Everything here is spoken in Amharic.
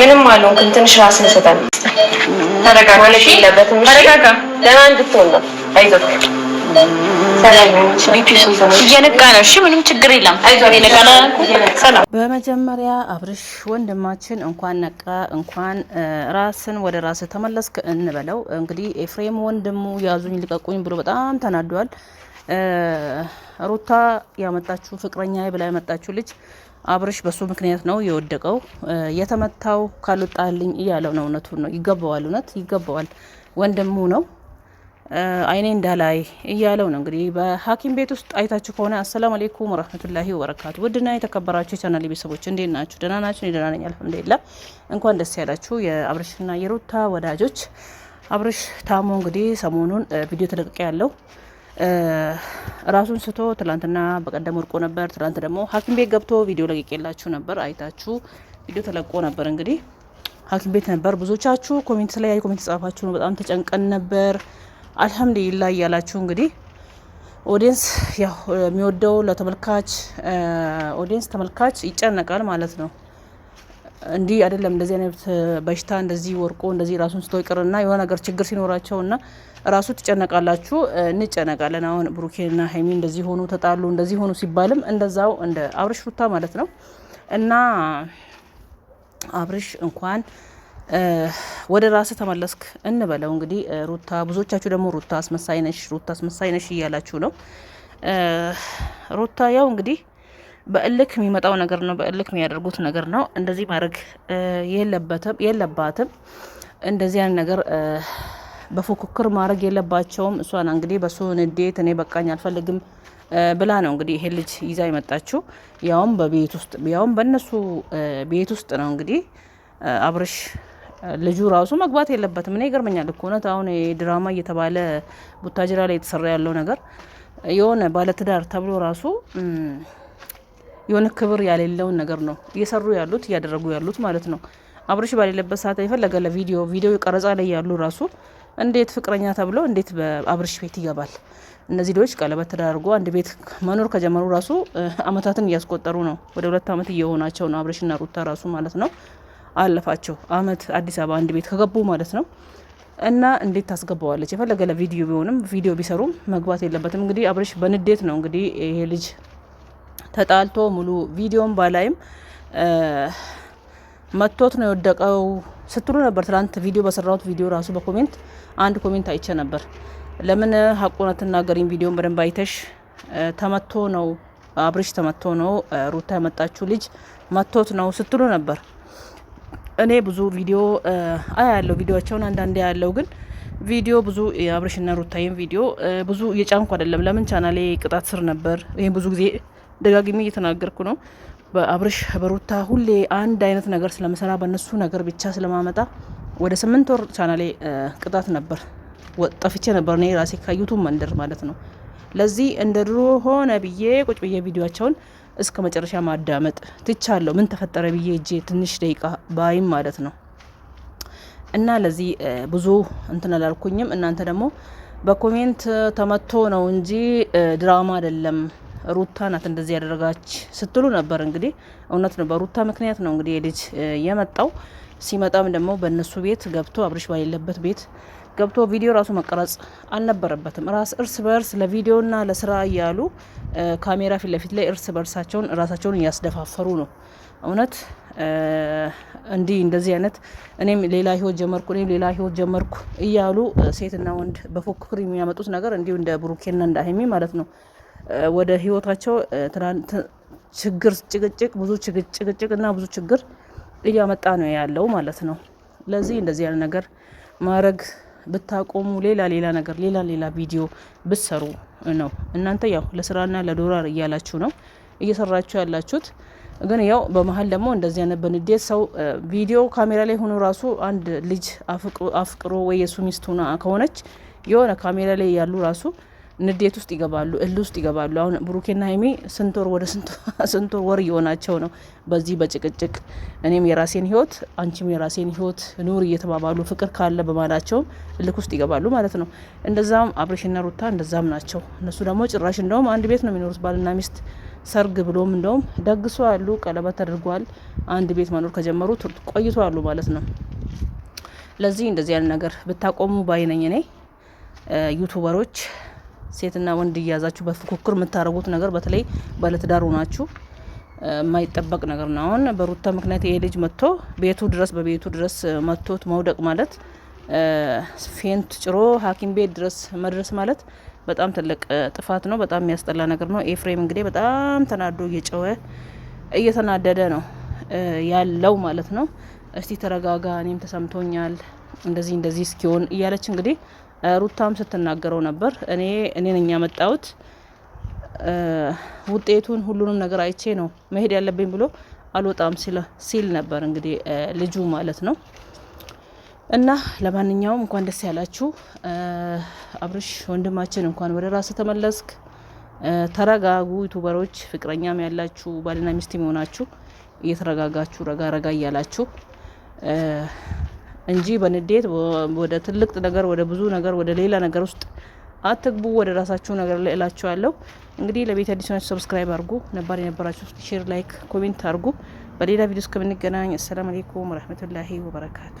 ምንም አልሆንኩም። ትንሽ ራስን ሰጠን። እየነቃ ነው። እሺ ምንም ችግር የለም። በመጀመሪያ አብርሽ ወንድማችን እንኳን ነቃ፣ እንኳን ራስን ወደ ራስ ተመለስክ እንበለው። እንግዲህ ኤፍሬም ወንድሙ ያዙኝ ልቀቁኝ ብሎ በጣም ተናዷል። ሩታ ያመጣችሁ ፍቅረኛ ብላ ያመጣችሁ ልጅ አብርሽ በሱ ምክንያት ነው የወደቀው የተመታው። ካልወጣልኝ እያለው ነው። እውነቱ ነው። ይገባዋል፣ እውነት ይገባዋል። ወንድሙ ነው። አይኔ እንዳላይ እያለው ነው። እንግዲህ በሐኪም ቤት ውስጥ አይታችሁ ከሆነ አሰላም አሌይኩም ወረህመቱላሂ ወበረካቱ። ውድና የተከበራችሁ የቻናል ቤተሰቦች እንዴት ናችሁ? ደህና ናችሁ? ደህና ነኝ አልሐምዱሊላህ። እንኳን ደስ ያላችሁ የአብርሽና የሩታ ወዳጆች። አብርሽ ታሞ እንግዲህ ሰሞኑን ቪዲዮ ተለቀቀ ያለው ራሱን ስቶ ትላንትና በቀደም ወድቆ ነበር። ትላንት ደግሞ ሐኪም ቤት ገብቶ ቪዲዮ ለቅቄላችሁ ነበር፣ አይታችሁ ቪዲዮ ተለቆ ነበር። እንግዲህ ሐኪም ቤት ነበር። ብዙዎቻችሁ ኮሜንት ላይ ኮሜንት ጻፋችሁ ነው። በጣም ተጨንቀን ነበር አልሐምዱሊላ እያላችሁ እንግዲህ ኦዲንስ ያው የሚወደው ለተመልካች ኦዲንስ ተመልካች ይጨነቃል ማለት ነው። እንዲህ አይደለም እንደዚህ አይነት በሽታ እንደዚህ ወርቆ እንደዚህ ራሱን ስቶ የሆነ ነገር ችግር ሲኖራቸው እና ራሱ ትጨነቃላችሁ፣ እንጨነቃለን። አሁን ና ሀይሚ እንደዚህ ሆኑ ተጣሉ፣ እንደዚህ ሆኑ ሲባልም እንደዛው እንደ አብርሽ ሩታ ማለት ነው እና አብርሽ እንኳን ወደ ራስ ተመለስክ እንበለው። እንግዲህ ሩታ ብዙዎቻችሁ ደግሞ ሩታ አስመሳይ ነሽ፣ ሩታ አስመሳይ ነሽ እያላችሁ ነው። ሩታ ያው እንግዲህ በእልክ የሚመጣው ነገር ነው። በእልክ የሚያደርጉት ነገር ነው። እንደዚህ ማድረግ የለበትም የለባትም። እንደዚህ አይነት ነገር በፉክክር ማድረግ የለባቸውም። እሷን እንግዲህ በሱ ንዴት እኔ በቃኝ አልፈልግም ብላ ነው እንግዲህ ይሄ ልጅ ይዛ የመጣችው። ያውም በቤት ውስጥ ያውም በእነሱ ቤት ውስጥ ነው እንግዲህ አብርሽ ልጁ ራሱ መግባት የለበትም። እኔ ይገርመኛል እኮ እውነት አሁን ድራማ እየተባለ ቡታጅራ ላይ የተሰራ ያለው ነገር የሆነ ባለትዳር ተብሎ ራሱ የሆነ ክብር ያሌለውን ነገር ነው እየሰሩ ያሉት እያደረጉ ያሉት ማለት ነው። አብርሽ ባሌለበት ሰዓት የፈለገ ለቪዲዮ ቪዲዮ ቀረጻ ላይ ያሉ ራሱ እንዴት ፍቅረኛ ተብለው እንዴት በአብርሽ ቤት ይገባል? እነዚህ ልጆች ቀለበት ተደራርጎ አንድ ቤት መኖር ከጀመሩ ራሱ አመታትን እያስቆጠሩ ነው። ወደ ሁለት አመት እየሆናቸው ነው። አብርሽና ሩታ ራሱ ማለት ነው አለፋቸው አመት አዲስ አበባ አንድ ቤት ከገቡ ማለት ነው። እና እንዴት ታስገባዋለች? የፈለገ ለቪዲዮ ቢሆንም ቪዲዮ ቢሰሩም መግባት የለበትም። እንግዲህ አብርሽ በንዴት ነው እንግዲህ ይሄ ልጅ ተጣልቶ ሙሉ ቪዲዮን ባላይም መቶት ነው የወደቀው ስትሉ ነበር። ትላንት ቪዲዮ በሰራሁት ቪዲዮ ራሱ በኮሜንት አንድ ኮሜንት አይቼ ነበር። ለምን ሀቁን አትናገሪም? ቪዲዮን በደንብ አይተሽ ተመቶ ነው አብርሽ ተመቶ ነው ሩታ የመጣችሁ ልጅ መቶት ነው ስትሉ ነበር። እኔ ብዙ ቪዲዮ አያለው፣ ቪዲዮቸውን አንዳንዴ ያለው ግን ቪዲዮ ብዙ የአብርሽና ሩታይም ቪዲዮ ብዙ እየጫንኩ አይደለም። ለምን ቻናሌ ቅጣት ስር ነበር። ይህ ብዙ ጊዜ ደጋግሜ እየተናገርኩ ነው። በአብርሽ በሩታ ሁሌ አንድ አይነት ነገር ስለመሰራ በእነሱ ነገር ብቻ ስለማመጣ ወደ ስምንት ወር ቻናሌ ቅጣት ነበር ጠፍቼ ነበር እኔ ራሴ ከዩቱብ መንደር ማለት ነው። ለዚህ እንደ ድሮ ሆነ ብዬ ቁጭ ብዬ ቪዲዮቸውን እስከ መጨረሻ ማዳመጥ ትቻለሁ። ምን ተፈጠረ ብዬ እጄ ትንሽ ደቂቃ ባይም ማለት ነው እና ለዚህ ብዙ እንትን አላልኩኝም። እናንተ ደግሞ በኮሜንት ተመቶ ነው እንጂ ድራማ አይደለም ሩታ ናት እንደዚህ ያደረጋች ስትሉ ነበር። እንግዲህ እውነት ነው፣ በሩታ ምክንያት ነው እንግዲህ የልጅ የመጣው። ሲመጣም ደግሞ በእነሱ ቤት ገብቶ አብርሽ ባሌለበት ቤት ገብቶ ቪዲዮ ራሱ መቀረጽ አልነበረበትም። ራስ እርስ በርስ ለቪዲዮና ለስራ እያሉ ካሜራ ፊት ለፊት ላይ እርስ በርሳቸውን ራሳቸውን እያስደፋፈሩ ነው። እውነት እንዲህ እንደዚህ አይነት እኔም ሌላ ህይወት ጀመርኩ፣ እኔም ሌላ ህይወት ጀመርኩ እያሉ ሴትና ወንድ በፉክክር የሚያመጡት ነገር እንዲሁ እንደ ብሩኬና እንደ ሀይሚ ማለት ነው ወደ ህይወታቸው ችግር ጭቅጭቅ ብዙ ጭቅጭቅ እና ብዙ ችግር እያመጣ ነው ያለው ማለት ነው። ለዚህ እንደዚህ ያለ ነገር ማድረግ ብታቆሙ ሌላ ሌላ ነገር ሌላ ሌላ ቪዲዮ ብትሰሩ ነው። እናንተ ያው ለስራና ለዶላር እያላችሁ ነው እየሰራችሁ ያላችሁት። ግን ያው በመሀል ደግሞ እንደዚህ አይነት በንዴት ሰው ቪዲዮ ካሜራ ላይ ሆኖ ራሱ አንድ ልጅ አፍቅሮ ወይ የሱ ሚስት ሆና ከሆነች የሆነ ካሜራ ላይ ያሉ ራሱ ንዴት ውስጥ ይገባሉ፣ እል ውስጥ ይገባሉ። አሁን ብሩኬና ሀይሜ ስንት ወር ወደ ስንት ወር ወር እየሆናቸው ነው በዚህ በጭቅጭቅ እኔም የራሴን ህይወት አንቺም የራሴን ህይወት ኑር እየተባባሉ ፍቅር ካለ በማላቸውም እልክ ውስጥ ይገባሉ ማለት ነው። እንደዛም አብሬሽና ሩታ እንደዛም ናቸው። እነሱ ደግሞ ጭራሽ እንደውም አንድ ቤት ነው የሚኖሩት ባልና ሚስት ሰርግ ብሎም እንደውም ደግሶ ያሉ ቀለበት ተደርጓል። አንድ ቤት መኖር ከጀመሩ ቆይቶ አሉ ማለት ነው። ለዚህ እንደዚህ ያለ ነገር ብታቆሙ ባይነኝ እኔ ዩቱበሮች ሴትና ወንድ እያያዛችሁ በፉክክር የምታደርጉት ነገር በተለይ ባለትዳር ናችሁ የማይጠበቅ ነገር ነው። አሁን በሩታ ምክንያት ይሄ ልጅ መጥቶ ቤቱ ድረስ በቤቱ ድረስ መጥቶት መውደቅ ማለት ፌንት ጭሮ ሐኪም ቤት ድረስ መድረስ ማለት በጣም ትልቅ ጥፋት ነው። በጣም የሚያስጠላ ነገር ነው። ኤፍሬም እንግዲህ በጣም ተናዶ እየጨወ እየተናደደ ነው ያለው ማለት ነው። እስቲ ተረጋጋ፣ እኔም ተሰምቶኛል እንደዚህ እንደዚህ እስኪሆን እያለች እንግዲህ ሩታም ስትናገረው ነበር። እኔ እኔ ነኝ ያመጣሁት ውጤቱን ሁሉንም ነገር አይቼ ነው መሄድ ያለብኝ ብሎ አልወጣም ሲል ነበር እንግዲህ ልጁ ማለት ነው። እና ለማንኛውም እንኳን ደስ ያላችሁ አብርሽ ወንድማችን፣ እንኳን ወደ ራስ ተመለስክ። ተረጋጉ ዩቱበሮች፣ ፍቅረኛም ያላችሁ ባልና ሚስት የሆናችሁ እየተረጋጋችሁ ረጋ ረጋ እያላችሁ እንጂ በንዴት ወደ ትልቅ ነገር፣ ወደ ብዙ ነገር፣ ወደ ሌላ ነገር ውስጥ አትግቡ። ወደ ራሳችሁ ነገር ላይ እላችኋለሁ። እንግዲህ ለቤት አዲስ ሆናችሁ ሰብስክራይብ አድርጉ። ነባር የነበራችሁ ሼር፣ ላይክ፣ ኮሜንት አድርጉ። በሌላ ቪዲዮ እስከምንገናኝ አሰላም አሌይኩም ወረህመቱላሂ ወበረካቱ።